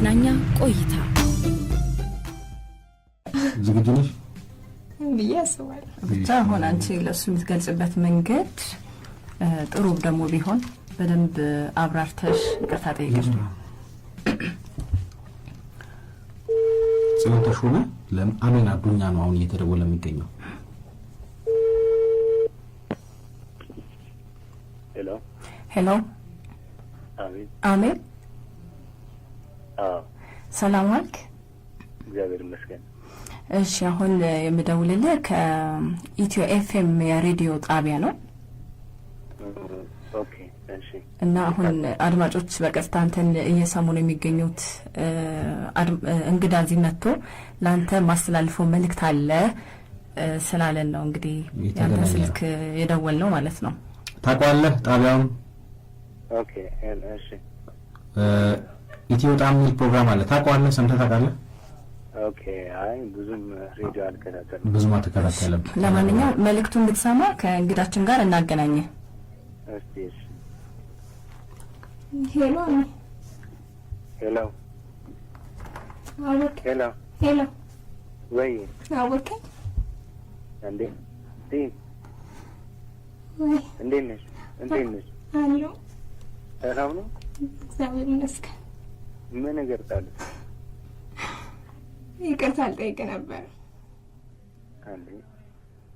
የመዝናኛ ቆይታ ዝግጁ ነሽ ብዬ አስባለሁ። ብቻ አሁን አንቺ ለእሱ የምትገልጽበት መንገድ ጥሩ ደግሞ ቢሆን በደንብ አብራርተሽ ይቅርታ ጠይቀሽ ጽዮን ተሾመ ለአሜን አዱኛ ነው አሁን እየተደወለ የሚገኘው። ሄሎ ሄሎ፣ አሜን ሰላም ዋልክ። እግዚአብሔር ይመስገን። እሺ፣ አሁን የምደውልልህ ከኢትዮ ኤፍኤም የሬዲዮ ጣቢያ ነው። እና አሁን አድማጮች በቀጥታ አንተን እየሰሙ ነው የሚገኙት። እንግዳ እዚህ መጥቶ ለአንተ ማስተላልፈው መልእክት አለ ስላለን ነው እንግዲህ ያንተ ስልክ የደወል ነው ማለት ነው። ታውቀዋለህ ጣቢያውን ኢትዮ ጣም የሚል ፕሮግራም አለ። ታውቀዋለህ? ሰምተህ ታውቃለህ? ብዙ አይ ብዙም ሬዲዮ ለማንኛውም መልእክቱን ብትሰማ ከእንግዳችን ጋር እናገናኘህ። ሄሎ ሄሎ ሄሎ ሄሎ ወይ አወቀኝ እንዴ እንዴት ነሽ? እንዴት ነሽ? ሰላም ነው። እግዚአብሔር ይመስገን። ምን ነገር ጣለ? ይቅርታ አልጠይቅ ነበር አንዴ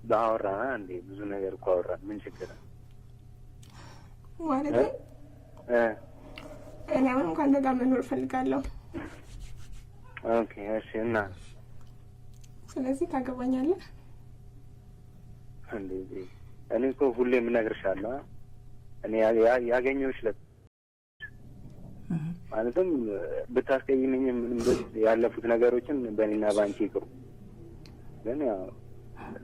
በአወራና አንዴ ብዙ ነገር እኮ አወራን። ምን ችግር ማለት ነው? እኔ አሁንም እንኳን ጋር መኖር እፈልጋለሁ። ኦኬ፣ እሺ። እና ስለዚህ ታገባኛለህ እንዴ? እኔ እኮ ሁሌ የምነግርሻለሁ እኔ ያገኘሁሽ ዕለት ማለትም ብታስቀይመኝም ያለፉት ነገሮችን በእኔና በአንቺ ይቅሩ። ግን ያው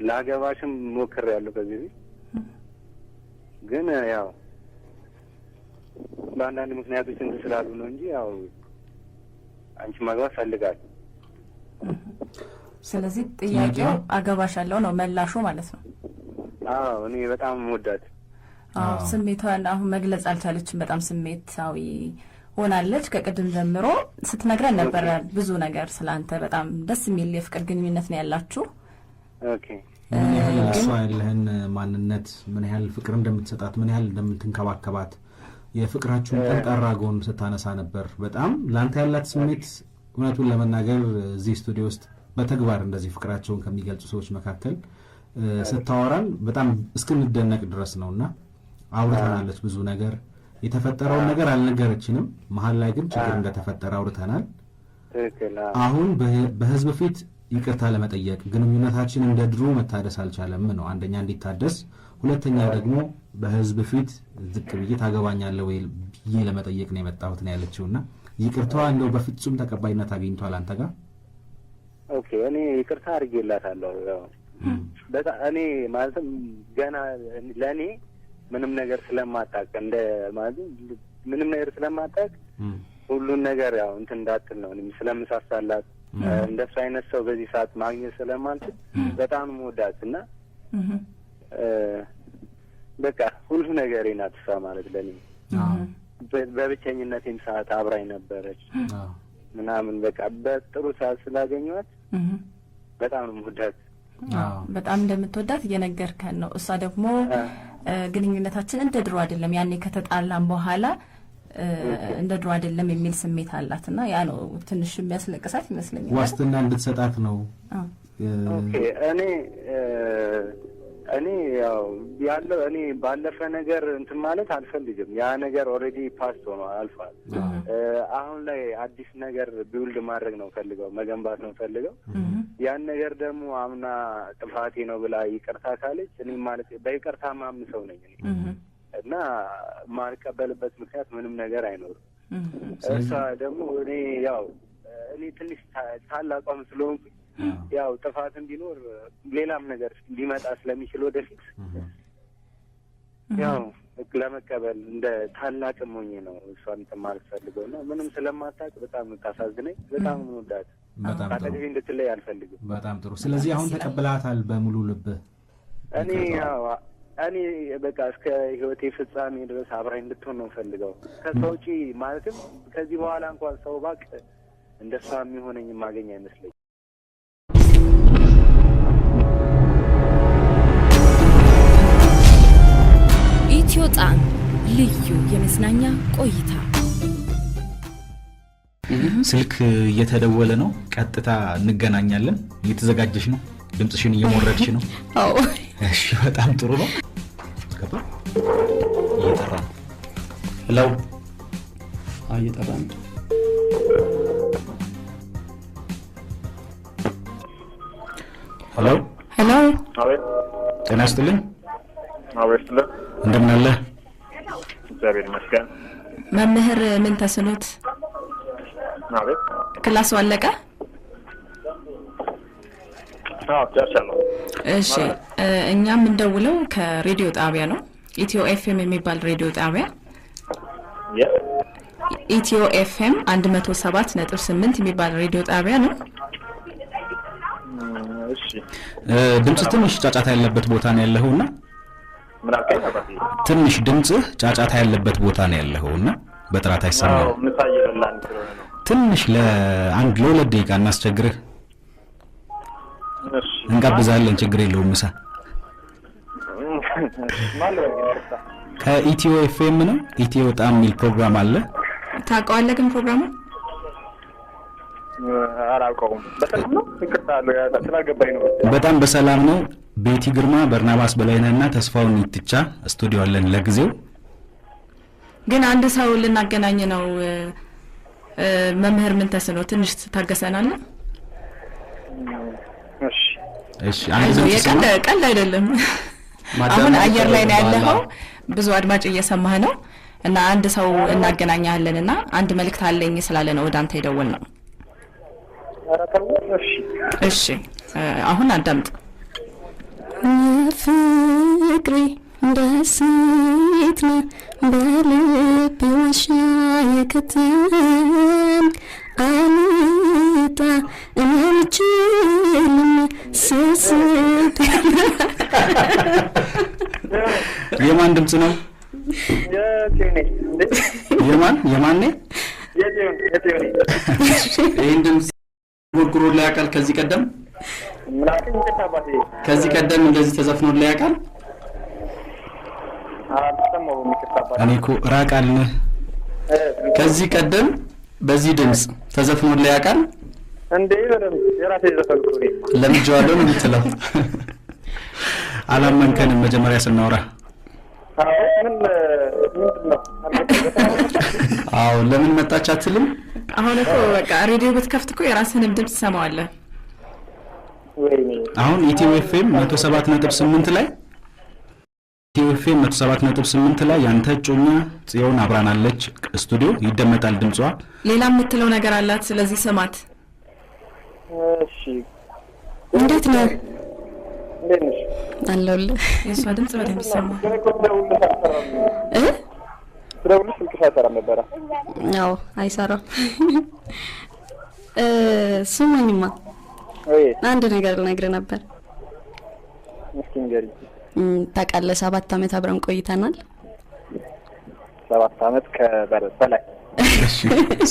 ለአገባሽም ሞክሬያለሁ ከዚህ በፊት ግን ያው በአንዳንድ ምክንያቶች እንትን ስላሉ ነው እንጂ ያው አንቺ ማግባት ፈልጋል። ስለዚህ ጥያቄው አገባሻለሁ ነው መላሹ ማለት ነው። አዎ እኔ በጣም ወዳት። ስሜቷን አሁን መግለጽ አልቻለችም። በጣም ስሜታዊ ሆናለች። ከቅድም ጀምሮ ስትነግረን ነበረ ብዙ ነገር ስለአንተ። በጣም ደስ የሚል የፍቅር ግንኙነት ነው ያላችሁ። ምን ያህል እሷ ያለህን ማንነት፣ ምን ያህል ፍቅር እንደምትሰጣት፣ ምን ያህል እንደምትንከባከባት የፍቅራችሁን ጠንቃራ ጎን ስታነሳ ነበር። በጣም ለአንተ ያላት ስሜት እውነቱን ለመናገር እዚህ ስቱዲዮ ውስጥ በተግባር እንደዚህ ፍቅራቸውን ከሚገልጹ ሰዎች መካከል ስታወራን በጣም እስክንደነቅ ድረስ ነው እና አውርታናለች ብዙ ነገር የተፈጠረውን ነገር አልነገረችንም። መሀል ላይ ግን ችግር እንደተፈጠረ አውርተናል። አሁን በህዝብ ፊት ይቅርታ ለመጠየቅ ግንኙነታችን እንደ ድሮ መታደስ አልቻለም ነው። አንደኛ እንዲታደስ፣ ሁለተኛ ደግሞ በህዝብ ፊት ዝቅ ብዬ ታገባኛለህ ወይ ብዬ ለመጠየቅ ነው የመጣሁት ነው ያለችውና ይቅርታዋ እንደው በፍጹም ተቀባይነት አግኝቷል። አንተ ጋር ኦኬ። እኔ ይቅርታ አድርጌላታለሁ። እኔ ማለትም ገና ለእኔ ምንም ነገር ስለማታውቅ እንደ ማለት ምንም ነገር ስለማታውቅ ሁሉን ነገር ያው እንትን እንዳትል ነው ስለምሳሳላት እንደ እንደሱ አይነት ሰው በዚህ ሰዓት ማግኘት ስለማልችል በጣም መወዳት እና በቃ ሁሉ ነገር ናት እሷ ማለት ለኔ። በብቸኝነቴም ሰዓት አብራኝ ነበረች ምናምን በቃ በጥሩ ሰዓት ስላገኘዋት በጣም ነው መወዳት። በጣም እንደምትወዳት እየነገርከን ነው። እሷ ደግሞ ግንኙነታችን እንደ ድሮ አይደለም፣ ያኔ ከተጣላም በኋላ እንደ ድሮ አይደለም የሚል ስሜት አላት እና ያ ነው ትንሽ የሚያስለቅሳት ይመስለኛል። ዋስትና እንድትሰጣት ነው እኔ እኔ ያው ያለው እኔ ባለፈ ነገር እንትን ማለት አልፈልግም። ያ ነገር ኦልሬዲ ፓስት ሆኖ አልፏል። አሁን ላይ አዲስ ነገር ቢውልድ ማድረግ ነው ፈልገው መገንባት ነው ፈልገው። ያን ነገር ደግሞ አምና ጥፋቴ ነው ብላ ይቅርታ ካለች እኔ ማለት በይቅርታ ማም ሰው ነኝ እኔ እና ማልቀበልበት ምክንያት ምንም ነገር አይኖርም። እሷ ደግሞ እኔ ያው እኔ ትንሽ ታላቋም ስለሆንኩኝ ያው ጥፋት ቢኖር ሌላም ነገር ሊመጣ ስለሚችል ወደፊት ያው ለመቀበል እንደ ታላቅ ሞኝ ነው እሷን እንትን ማለት ፈልገው እና ምንም ስለማታውቅ በጣም ታሳዝነኝ። በጣም ምንወዳት አጠገቤ እንድትለይ አልፈልግም። በጣም ጥሩ። ስለዚህ አሁን ተቀብላታል በሙሉ ልብህ? እኔ ያው እኔ በቃ እስከ ህይወቴ ፍጻሜ ድረስ አብራኝ እንድትሆን ነው ፈልገው። ከሷ ውጪ ማለትም ከዚህ በኋላ እንኳን ሰው ባቅ እንደሷ የሚሆነኝ ማገኝ አይመስለኝ ልዩ የመዝናኛ ቆይታ ስልክ እየተደወለ ነው። ቀጥታ እንገናኛለን። እየተዘጋጀሽ ነው? ድምፅሽን እየሞረድሽ ነው? እሺ፣ በጣም ጥሩ ነው። እየጠራ ነው። ለው እየጠራ ነው። ሄሎ፣ ሄሎ። ጤና ይስጥልኝ። እንደምን አለህ? እግዚአብሔር ይመስገን። መምህር ምን ተስኖት ማለት ክላሱ አለቀ? እሺ፣ እኛ የምንደውለው ከሬዲዮ ጣቢያ ነው። ኢትዮ ኤፍኤም የሚባል ሬዲዮ ጣቢያ ኢትዮ ኤፍኤም አንድ መቶ ሰባት ነጥብ ስምንት የሚባል ሬዲዮ ጣቢያ ነው። ድምፅ ትንሽ ጫጫታ ያለበት ቦታ ነው ያለኸው እና ትንሽ ድምፅህ ጫጫታ ያለበት ቦታ ነው ያለኸው እና በጥራት አይሰማም። ትንሽ ለአንድ ለሁለት ደቂቃ እናስቸግርህ። እንጋብዛለን፣ ችግር የለውም። ምሳ ከኢትዮ ኤፍኤም ነው። ኢትዮ ጣም የሚል ፕሮግራም አለ። ታውቀዋለህ ግን ፕሮግራሙ አላውቀውም። በጣም ነው። በጣም በሰላም ነው። ቤቲ ግርማ፣ በርናባስ በላይነህና ተስፋውን ይትቻ ስቱዲዮ አለን። ለጊዜው ግን አንድ ሰው ልናገናኝ ነው። መምህር ምን ተስኖ ትንሽ ታገሰናል። ቀልድ አይደለም። አሁን አየር ላይ ነው ያለኸው። ብዙ አድማጭ እየሰማህ ነው እና አንድ ሰው እናገናኛለን እና አንድ መልእክት አለኝ ስላለ ነው ወደ አንተ የደወል ነው። እሺ አሁን አዳምጥ። ፍቅሬ ደሴት ነህ በልቤ ዋሻ የከተም አልጣ እኔ ስስት የማን ድምፅ ነው? የማን የማን ይህን ድምፅ ጎርጉሮ ላይ ያውቃል ከዚህ ቀደም ከዚህ ቀደም እንደዚህ ተዘፍኖ ያውቃል? እኔ እኮ ራቅ አልንህ። ከዚህ ቀደም በዚህ ድምፅ ተዘፍኖ ያውቃል? እንዴ በደምብ የራሴ ዘፈን ለምጄዋለሁ ነው የምትለው። አላመንከንም መጀመሪያ ስናወራ። አዎ ለምን መጣች አትልም። አሁን እኮ በቃ ሬዲዮ ብትከፍት እኮ የራስህንም ድምፅ ትሰማዋለህ። አሁን ኢትዮ ኤፍኤም መቶ ሰባት ነጥብ ስምንት ላይ ኢትዮ ኤፍኤም መቶ ሰባት ነጥብ ስምንት ላይ ያንተ እጮኛ ጽዮን አብራናለች። ስቱዲዮ ይደመጣል ድምጿ። ሌላ የምትለው ነገር አላት። ስለዚህ ስማት። እንዴት ነው? አለሁልህ። የእሷ ድምጽ በደንብ ይሰማል። ስደውልሽ ስልክሽ አይሰራም ነበረ? አዎ አይሰራም። ስማኝማ አንድ ነገር ልነግር ነበር። ታቃለ ታውቃለህ፣ ሰባት አመት አብረን ቆይተናል። ሰባት አመት ከበላይ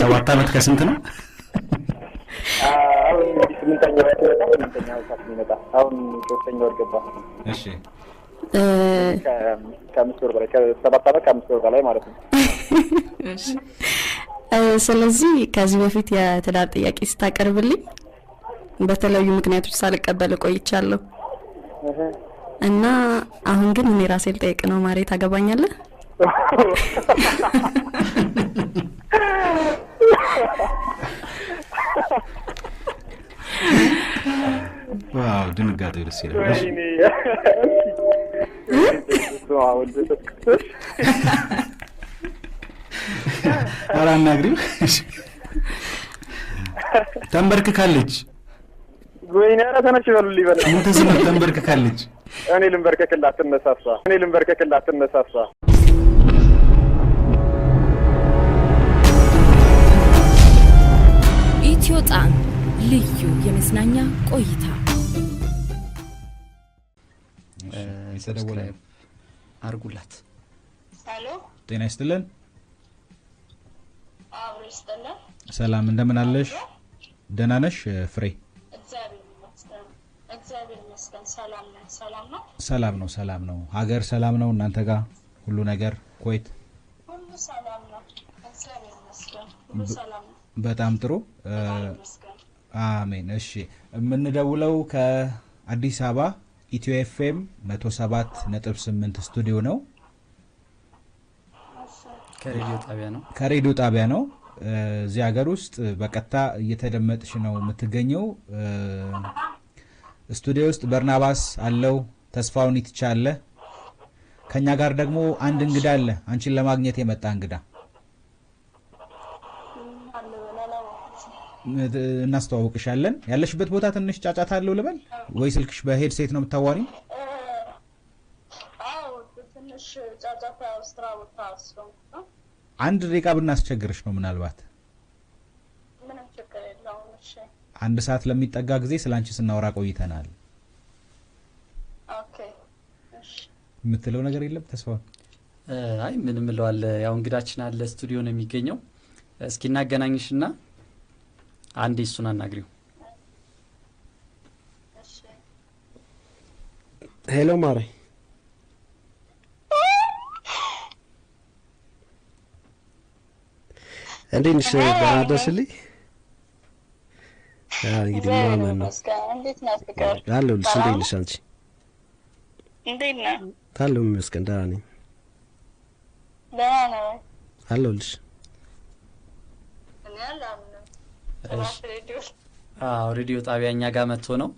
ሰባት አመት ከስንት ነው? አሁን በላይ ከሰባት አመት ነው። ስለዚህ ከዚህ በፊት የትዳር ጥያቄ ስታቀርብልኝ በተለያዩ ምክንያቶች ሳልቀበል ቆይቻለሁ እና አሁን ግን እኔ ራሴ ልጠይቅ ነው። ማሬ ታገባኛለህ? ዋው ድንጋጤ ደስ ይላል። ኧረ ተንበርክካለች። ወይኔ ኧረ ተነሽ እኔ ልንበርከክላት እኔ ልንበርከክላት ኢትዮ ልዩ የመዝናኛ ቆይታ የተደወለ አርጉላት። ጤና ይስጥልን። ሰላም እንደምን አለሽ? ደህና ነሽ ፍሬ? ሰላም ነው ሰላም ነው ሰላም ነው። ሀገር ሰላም ነው። እናንተ ጋር ሁሉ ነገር ኮይት ሁሉ ሰላም ነው። በጣም ጥሩ አሜን። እሺ የምንደውለው ከአዲስ አበባ ኢትዮ ኤፍኤም ሰባት ነጥብ 8 ስቱዲዮ ነው። ከሬዲዮ ጣቢያ ነው። እዚህ ሀገር ውስጥ በቀጥታ እየተደመጥሽ ነው የምትገኘው። ስቱዲዮ ውስጥ በርናባስ አለው፣ ተስፋውን ይትቻ አለ፣ ከእኛ ጋር ደግሞ አንድ እንግዳ አለ፣ አንቺን ለማግኘት የመጣ እንግዳ እናስተዋውቅሻለን። ያለሽበት ቦታ ትንሽ ጫጫት አለው ልበል ወይ? ስልክሽ ሴት ነው የምታዋሪው? አንድ ደቂቃ ብናስቸግርሽ ነው ምናልባት አንድ ሰዓት ለሚጠጋ ጊዜ ስለ አንቺ ስናወራ ቆይተናል። የምትለው ነገር የለም ተስፋ? አይ ምንም እለዋል። ያው እንግዳችን አለ ስቱዲዮ ነው የሚገኘው። እስኪ እናገናኝሽና አንዴ እሱን አናግሪው። ሄሎ ማሬ እንዴት ነሽ? ደህና እንግዲህ ማመን ነው አለሁልሽ። እንዴት ነሽ አንቺ? ደህና ነኝ አለሁልሽ። አዎ ሬዲዮ ጣቢያ እኛ ጋር መጥቶ ነው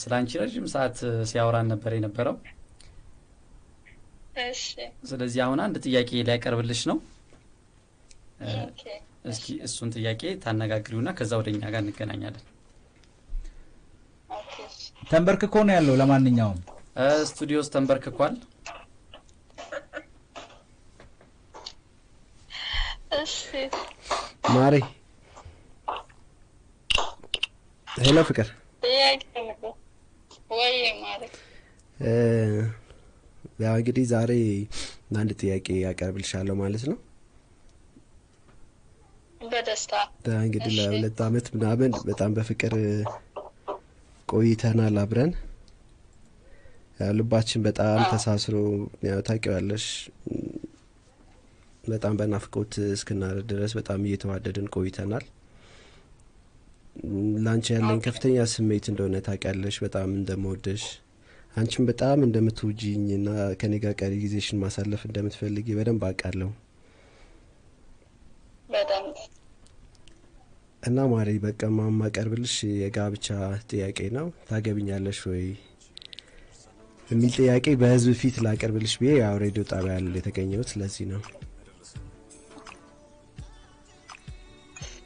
ስለ አንቺ ረዥም ሰዓት ሲያወራን ነበር የነበረው። ስለዚህ አሁን አንድ ጥያቄ ሊያቀርብልሽ ነው። እስኪ እሱን ጥያቄ ታነጋግሪውና ከዛ ወደ እኛ ጋር እንገናኛለን። ተንበርክኮ ነው ያለው። ለማንኛውም ስቱዲዮ ተንበርክኳል። ማሪ ሄሎ፣ ፍቅር ያው እንግዲህ ዛሬ አንድ ጥያቄ ያቀርብልሻለሁ ማለት ነው። እንግዲህ ለሁለት አመት ምናምን በጣም በፍቅር ቆይተናል አብረን። ልባችን በጣም ተሳስሮ ታውቂዋለሽ፣ በጣም በናፍቆት እስክናር ድረስ በጣም እየተዋደድን ቆይተናል። ለአንቺ ያለኝ ከፍተኛ ስሜት እንደሆነ ታውቂያለሽ፣ በጣም እንደመወደሽ አንቺም በጣም እንደምትውጂኝ እና ከኔ ጋር ቀሪ ጊዜሽን ማሳለፍ እንደምትፈልጊ በደንብ አውቃለሁ። እና ማሪ በቃ ማማቀርብልሽ የጋብቻ ጥያቄ ነው። ታገብኛለሽ ወይ የሚል ጥያቄ በህዝብ ፊት ላቀርብልሽ ብዬ ያው ሬዲዮ ጣቢያ የተገኘሁት ስለዚህ ነው።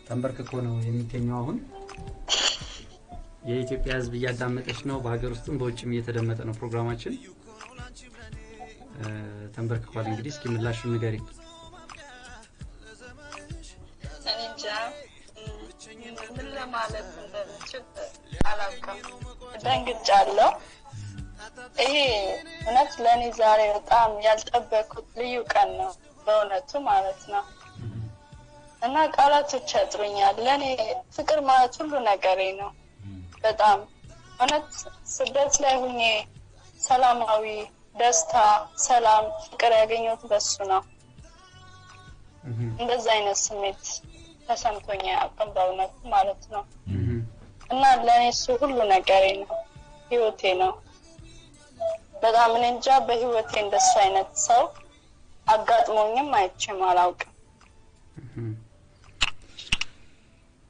ተንበርክኮ ነው የሚገኘው። አሁን የኢትዮጵያ ህዝብ እያዳመጠች ነው። በሀገር ውስጥም በውጭም እየተደመጠ ነው ፕሮግራማችን። ተንበርክኳል። እንግዲህ እስኪ ምላሹ ንገሪ። ማለት እንደምችል አላውቅም። ደንግጫለሁ። ይሄ እውነት ለእኔ ዛሬ በጣም ያልጠበኩት ልዩ ቀን ነው፣ በእውነቱ ማለት ነው። እና ቃላቶች ያጥሩኛል። ለእኔ ፍቅር ማለት ሁሉ ነገሬ ነው። በጣም እውነት ስደት ላይ ሁኜ ሰላማዊ ደስታ፣ ሰላም፣ ፍቅር ያገኘሁት በሱ ነው። እንደዛ አይነት ስሜት ተሰምቶኝ አያውቅም በእውነት ማለት ነው። እና ለእኔ እሱ ሁሉ ነገሬ ነው፣ ህይወቴ ነው። በጣም እኔ እንጃ በህይወቴ እንደሱ አይነት ሰው አጋጥሞኝም አይቼም አላውቅም።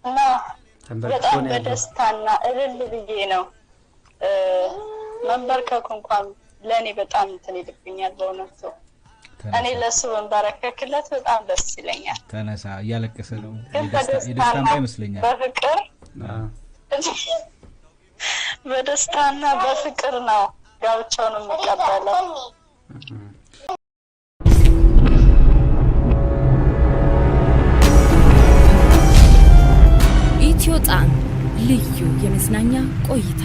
እና በጣም በደስታና እልል ብዬ ነው መንበርከኩ እንኳን ለእኔ በጣም እንትን ይልብኛል በእውነቱ እኔ ለሱ መንበረከክለት በጣም ደስ ይለኛል። ተነሳ እያለቀሰ ነው። ይመስለኛል። በፍቅር በደስታና በፍቅር ነው ጋብቻውን የሚቀበለው። ኢትዮ ልዩ የመዝናኛ ቆይታ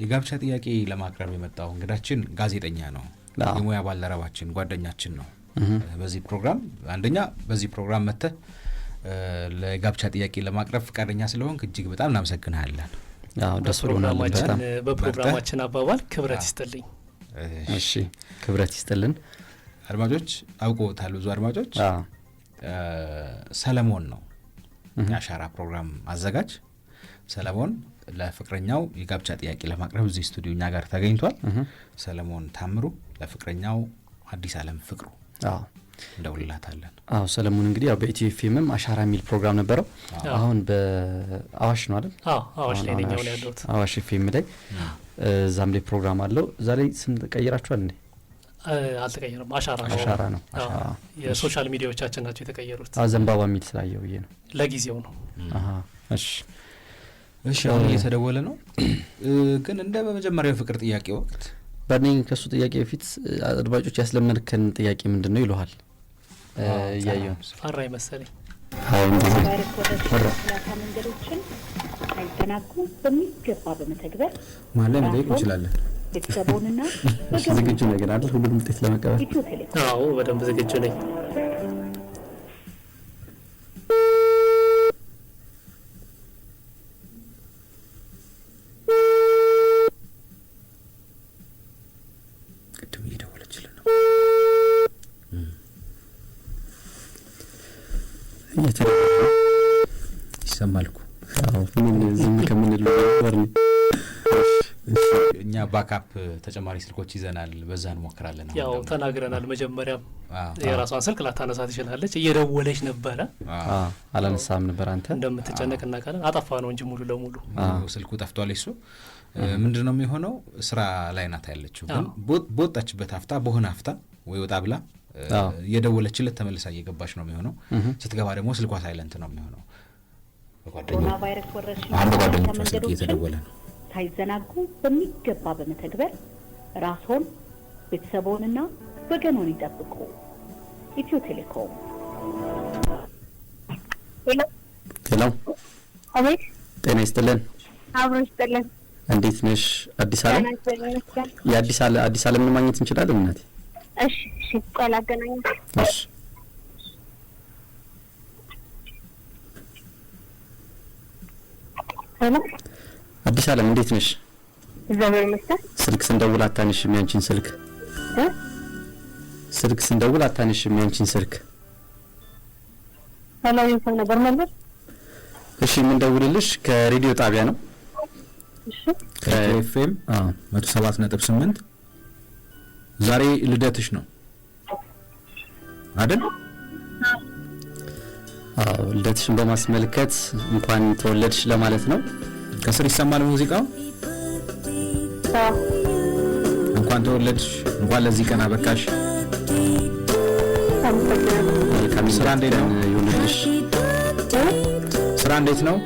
የጋብቻ ጥያቄ ለማቅረብ የመጣው እንግዳችን ጋዜጠኛ ነው። የሙያ ባልደረባችን ጓደኛችን ነው። በዚህ ፕሮግራም አንደኛ በዚህ ፕሮግራም መጥተህ ለጋብቻ ጥያቄ ለማቅረብ ፍቃደኛ ስለሆንክ እጅግ በጣም እናመሰግናለን ደስ ብሎናል። በፕሮግራማችን አባባል ክብረት ይስጥልኝ። እሺ ክብረት ይስጥልን። አድማጮች አውቀውታል፣ ብዙ አድማጮች ሰለሞን ነው የአሻራ ፕሮግራም አዘጋጅ። ሰለሞን ለፍቅረኛው የጋብቻ ጥያቄ ለማቅረብ እዚህ ስቱዲዮ እኛ ጋር ተገኝቷል። ሰለሞን ታምሩ ለፍቅረኛው አዲስ አለም ፍቅሩ እንደውላታለን አዎ ሰለሞን፣ እንግዲህ ያው በኢትዮ ኤፍኤምም አሻራ የሚል ፕሮግራም ነበረው። አሁን በአዋሽ ነው አይደል? አዋሽ ላይ ላይ ላይ እዛም ላይ ፕሮግራም አለው። እዛ ላይ ስም ቀይራችኋል እንዴ? አልተቀየረም። አሻራ ነው አሻራ ነው። የሶሻል ሚዲያዎቻችን ናቸው የተቀየሩት። ዘንባባ የሚል ስላየው ብዬ ነው ለጊዜው ነው። እሺ እሺ፣ አሁን እየተደወለ ነው። ግን እንደ በመጀመሪያው ፍቅር ጥያቄ ወቅት በርኔ ከእሱ ጥያቄ በፊት አድማጮች ያስለመድከን ጥያቄ ምንድን ነው ይለሃል። እያየውን ፈራ መሰለኝ። መንገዶችን ሳይተናጉ በሚገባ በመተግበር ማለ ላይ እንችላለን። ቤተሰቡንና ዝግጁ ነገር አለ ሁሉንም ውጤት ለመቀበል። አዎ በደንብ ዝግጁ ነኝ። እኛ ባካፕ ተጨማሪ ስልኮች ይዘናል። በዛ እንሞክራለን። ያው ተናግረናል። መጀመሪያም የራሷን ስልክ ላታነሳ ትችላለች። እየደወለች ነበረ፣ አላነሳም ነበር። አንተ እንደምትጨነቅ እናውቃለን። አጠፋ ነው እንጂ ሙሉ ለሙሉ ስልኩ ጠፍቷል። እሱ ምንድን ነው የሚሆነው? ስራ ላይ ናት ያለችው፣ ግን በወጣችበት ሀፍታ በሆነ ሀፍታ ወይ ወጣ ብላ የደወለችለት ተመልሳ እየገባች ነው የሚሆነው። ስትገባ ደግሞ ስልኳ ሳይለንት ነው የሚሆነው ኮሮና ቫይረስ ወረርሽኝ መንገዶችን ሳይዘናጉ በሚገባ በመተግበር ራስዎን ቤተሰቦንና ወገኖን ይጠብቁ። ኢትዮ ቴሌኮም። ሄሎ፣ አቤት። ጤና ይስጥልን። አብሮ ይስጥልን። እንዴት ነሽ? አዲስ አለም የአዲስ አለም አዲስ አለምን ማግኘት እንችላለን እናቴ? እሺ፣ እሺ። ቆይ ላገናኘን። እሺ አዲስ አለም እንዴት ነሽ? ስልክ ስንደውል አታነሽም ያንቺን ስልክ ስልክ ስንደውል አታነሽም ያንቺን ስልክ ነበር እሺ የምንደውልልሽ ከሬዲዮ ጣቢያ ነው። መቶ ሰባት ነጥብ ስምንት ዛሬ ልደትሽ ነው አይደል? ልደትሽን በማስመልከት እንኳን ተወለድሽ ለማለት ነው። ከስር ይሰማል ሙዚቃው። እንኳን ተወለድሽ፣ እንኳን ለዚህ ቀን አበቃሽ። ስራ እንዴት ነው ይሁንልሽ? ስራ እንዴት ነው?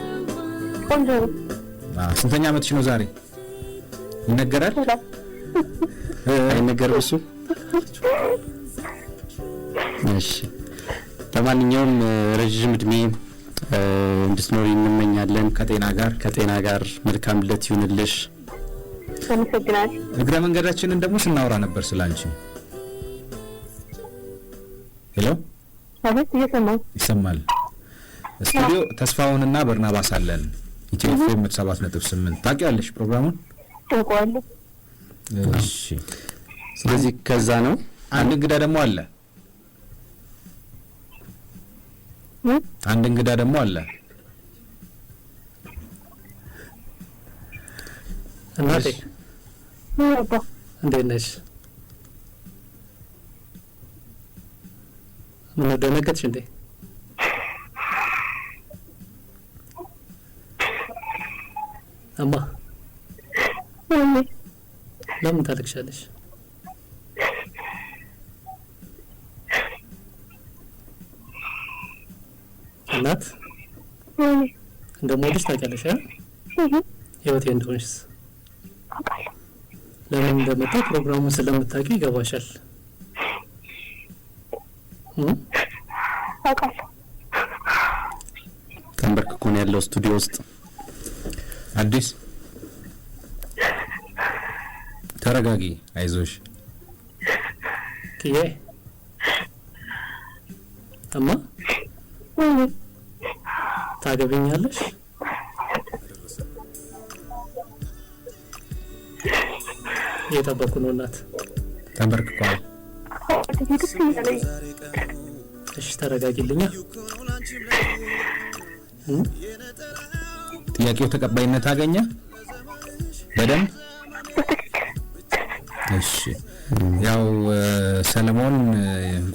ስንተኛ ዓመትሽ ነው ዛሬ? ይነገራል አይነገርም? እሱ እሺ ለማንኛውም ረዥም እድሜ እንድትኖር እንመኛለን። ከጤና ጋር ከጤና ጋር መልካም ለት ይሁንልሽ። እግረ መንገዳችንን ደግሞ ስናወራ ነበር ስለ አንቺ። ሄሎ ይሰማል። ስቱዲዮ ተስፋውንና በርናባስ አለን። ኢትዮ ኤፍኤም 78 ታውቂያለሽ ፕሮግራሙን? ስለዚህ ከዛ ነው። አንድ እንግዳ ደግሞ አለ አንድ እንግዳ ደግሞ አለ እናቴ እንዴት ነሽ? ምን ደነገጥሽ እንዴ? እማ ለምን ታለቅሻለሽ? እንደምወድሽ ታውቂያለሽ አ ህይወቴ እንደሆንሽስ ለምን እንደመጣ ፕሮግራሙን ስለምታውቂ ይገባሻል። ተንበርክኮን ያለው ስቱዲዮ ውስጥ። አዲስ ተረጋጊ፣ አይዞሽ። ክዬ እማ ታገቢኛለሽ? የጠበቁ ነው። እናት ተንበርክኳል። እሺ ተረጋጊልኛ። ጥያቄው ተቀባይነት አገኘ? በደም እሺ። ያው ሰለሞን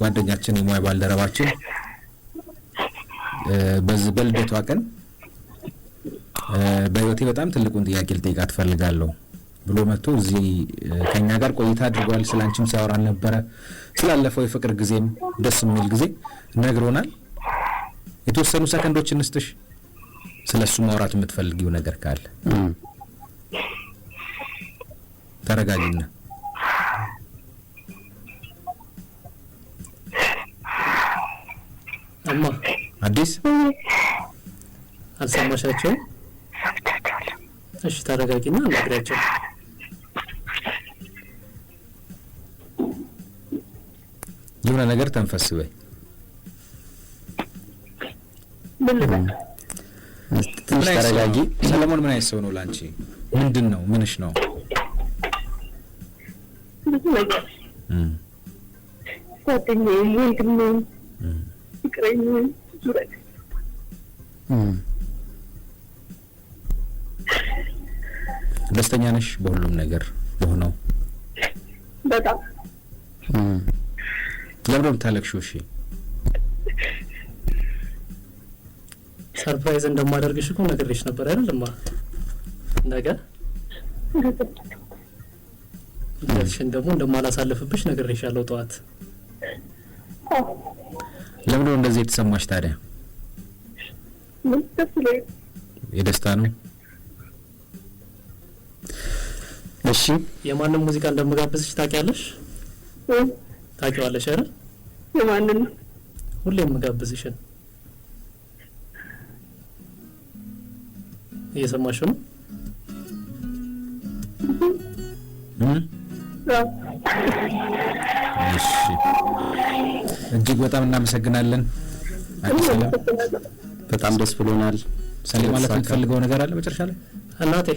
ጓደኛችን፣ የሙያ ባልደረባችን በዚህ በልደቷ ቀን በህይወቴ በጣም ትልቁን ጥያቄ ልጠይቃት ትፈልጋለሁ ብሎ መጥቶ እዚህ ከኛ ጋር ቆይታ አድርጓል። ስለ አንቺም ሲያወራን ነበረ። ስላለፈው የፍቅር ጊዜም ደስ የሚል ጊዜ ነግሮናል። የተወሰኑ ሰከንዶች እንስጥሽ፣ ስለ እሱ ማውራት የምትፈልጊው ነገር ካለ ተረጋጊና አማ አዲስ አልሰማሻቸውም? እሺ ታረጋጊና አናግሪያቸው። የሆነ ነገር ተንፈስ በይ። ትንሽ ተረጋጊ። ሰለሞን ምን አይነት ሰው ነው ላንቺ? ምንድን ነው ምንሽ ነው? ብዙ ነገር ጓደኛዬም፣ ወንድሜም፣ ነሽ በሁሉም ነገር በሆነው በጣም ለምዶ የምታለቅሺው? እሺ ሰርፕራይዝ እንደማደርግሽ እኮ ነግሬሽ ነበር አይደልማ? ነገ ሽን ደግሞ እንደማላሳልፍብሽ ያለው ጠዋት። ለምዶ እንደዚህ የተሰማሽ ታዲያ? የደስታ ነው እሺ የማንም ሙዚቃ እንደምጋብዝሽ ታውቂያለሽ? ታውቂዋለሽ አይደል? የማንን ነው? ሁሌም የምጋብዝሽን እየሰማሽ ነው? እሺ እጅግ በጣም እናመሰግናለን። በጣም ደስ ብሎናል። ሰሌ ማለት የምትፈልገው ነገር አለ መጨረሻ ላይ እናቴ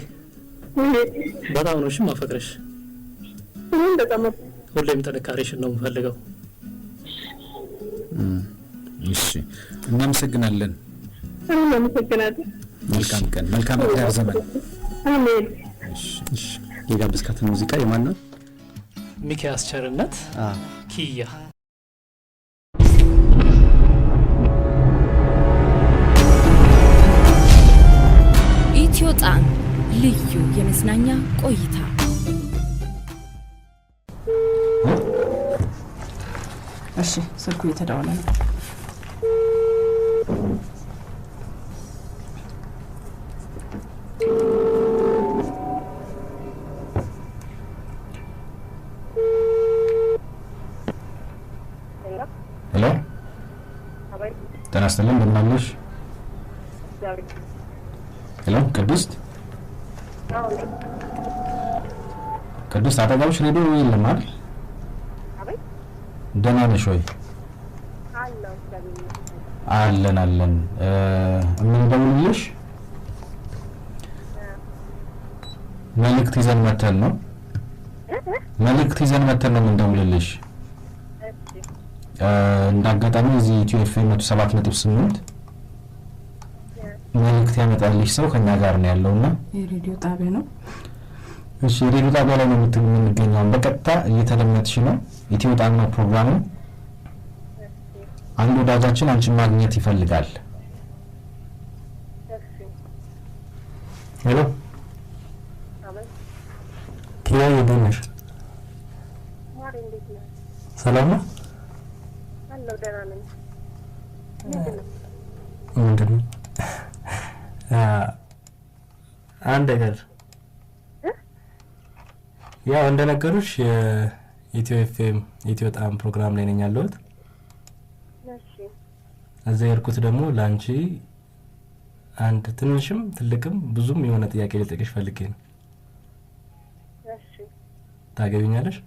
በጣም ነው እሺ ማፈቅረሽ። ሁሌም ጥንካሬሽን ነው የምፈልገው። እሺ፣ እናመሰግናለን። መልካም ቀን፣ መልካም የትዳር ዘመን። አሜን። የጋበዝካትን ሙዚቃ የማን ነው? ሚኪያስ ቸርነት ኪያ ልዩ የመዝናኛ ቆይታ እሺ፣ ስልኩ እየተደወለ ነው። ሄሎ፣ ጤና ይስጥልኝ። እንደምን አለሽ? ሄሎ፣ ቅድስት ቅድስት አጠገብሽ ሬዲዮ የለም አይደል? ደህና ነሽ ወይ? አለን አለን። የምንደውልልሽ መልእክት ይዘን መተን ነው። መልእክት ይዘን መተን ነው የምንደውልልሽ። እንዳጋጣሚ እዚህ ኢትዮ ኤፍ ኤም መቶ ሰባት ነጥብ ስምንት መልእክት ያመጣልሽ ሰው ከኛ ጋር ነው ያለው እና የሬዲዮ ጣቢያ ነው። እሺ የሬዲዮ ጣቢያ ላይ ነው የምንገኘው። በቀጥታ እየተለመጥሽ ነው። ኢትዮ ጣና ፕሮግራሙ። አንድ ወዳጃችን አንቺን ማግኘት ይፈልጋል። ሄሎ ኪያ፣ ሰላም ነው? ምንድን ነው አንድ ነገር ያው እንደነገሩሽ የኢትዮ ኤፍኤም ኢትዮ ጣዕም ፕሮግራም ላይ ነኝ ያለሁት። እዛ የሄድኩት ደግሞ ለአንቺ አንድ ትንሽም ትልቅም ብዙም የሆነ ጥያቄ ልጠይቅሽ ፈልጌ ነው። ታገቢኛለሽ?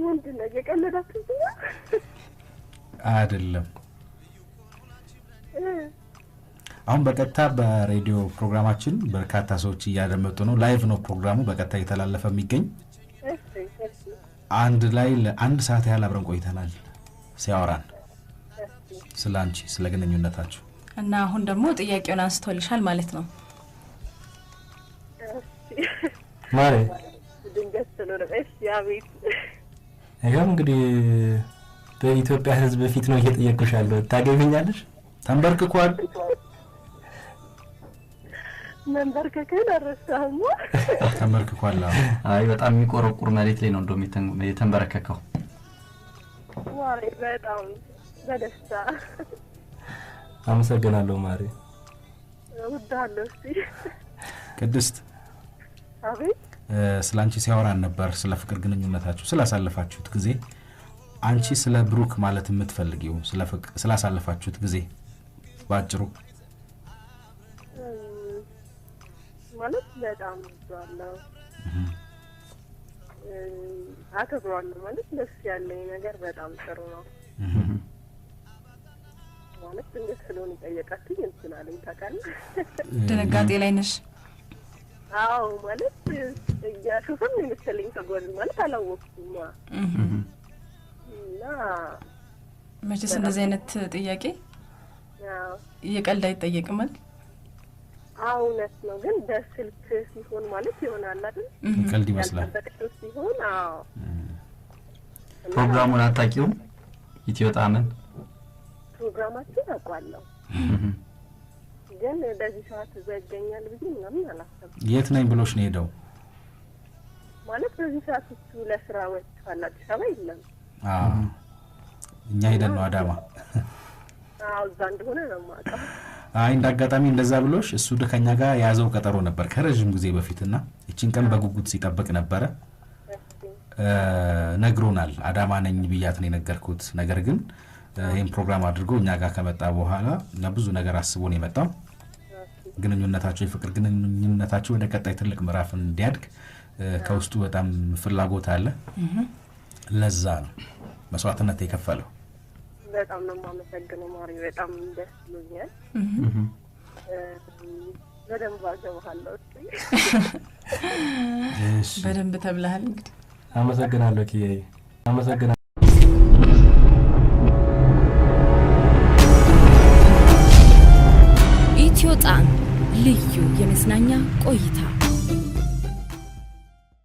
ምንድን ነው እየቀለዳችሁ? አይደለም አሁን በቀጥታ በሬዲዮ ፕሮግራማችን በርካታ ሰዎች እያደመጡ ነው። ላይቭ ነው ፕሮግራሙ በቀጥታ እየተላለፈ የሚገኝ አንድ ላይ ለአንድ ሰዓት ያህል አብረን ቆይተናል ሲያወራን ስለ አንቺ ስለ ግንኙነታችሁ እና አሁን ደግሞ ጥያቄውን አንስቶልሻል ማለት ነው። ማሬ ይኸው እንግዲህ በኢትዮጵያ ሕዝብ ፊት ነው እየጠየቅኩሽ ያለሁት ታገቢኛለሽ? ተንበርክኳል። መንበርከክህን ተንበርክኳል። አይ በጣም የሚቆረቁር መሬት ላይ ነው እንደውም የተንበረከከው። በጣም በደስታ አመሰግናለሁ። ማሪ፣ እስቲ ቅድስት፣ አቤት። ስለ አንቺ ሲያወራን ነበር፣ ስለ ፍቅር ግንኙነታችሁ ስላሳለፋችሁት ጊዜ አንቺ ስለ ብሩክ ማለት የምትፈልጊው ስላሳለፋችሁት ጊዜ ባጭሩ ማለት በጣም ወዷለሁ፣ አከብሯለሁ። ማለት ደስ ያለኝ ነገር በጣም ጥሩ ነው። ማለት እንዴት ስለሆን የጠየቃችኝ እንትናለኝ ታውቃለህ። ድንጋጤ ላይ ነሽ? አዎ ማለት እያሾፈም የመሰለኝ ከጎን ማለት አላወቅኩም እና መቼስ እንደዚህ አይነት ጥያቄ እየቀልድ አይጠየቅም አይደል? እውነት ነው። ግን በስልክ ሲሆን ማለት ይሆናል አይደል? ቀልድ ይመስላል ሲሆን። አዎ ፕሮግራሙን አታውቂውም? ኢትዮ ጣዕምን ፕሮግራማችን አውቋለሁ ግን በዚህ ሰዓት እዛ ይገኛል ብዬ ምናምን አላሰብኩም። የት ነኝ ብሎች ነው ሄደው ማለት በዚህ ሰዓት እሱ ለስራ ወጥቷል። አዲስ አበባ የለም። እኛ ሄደን ነው አዳማ እዛ እንደሆነ ነው የማውቀው። አይ እንደ አጋጣሚ እንደዛ ብሎሽ እሱ ከኛ ጋር የያዘው ቀጠሮ ነበር ከረዥም ጊዜ በፊት እና ይችን ቀን በጉጉት ሲጠብቅ ነበረ። ነግሮናል። አዳማ ነኝ ብያት ነው የነገርኩት። ነገር ግን ይህን ፕሮግራም አድርጎ እኛ ጋር ከመጣ በኋላ ለብዙ ነገር አስቦን የመጣው። ግንኙነታቸው የፍቅር ግንኙነታቸው ወደ ቀጣይ ትልቅ ምዕራፍ እንዲያድግ ከውስጡ በጣም ፍላጎት አለ። ለዛ ነው መስዋዕትነት የከፈለው። በጣም ነው የማመሰግነው ማሪ፣ በጣም ደስ ብሎኛል። በደንብ አገባሃለሁ። በደንብ ተብለሃል። እንግዲህ አመሰግናለሁ ኪዬ፣ አመሰግናለሁ። ኢትዮ ልዩ የመዝናኛ ቆይታ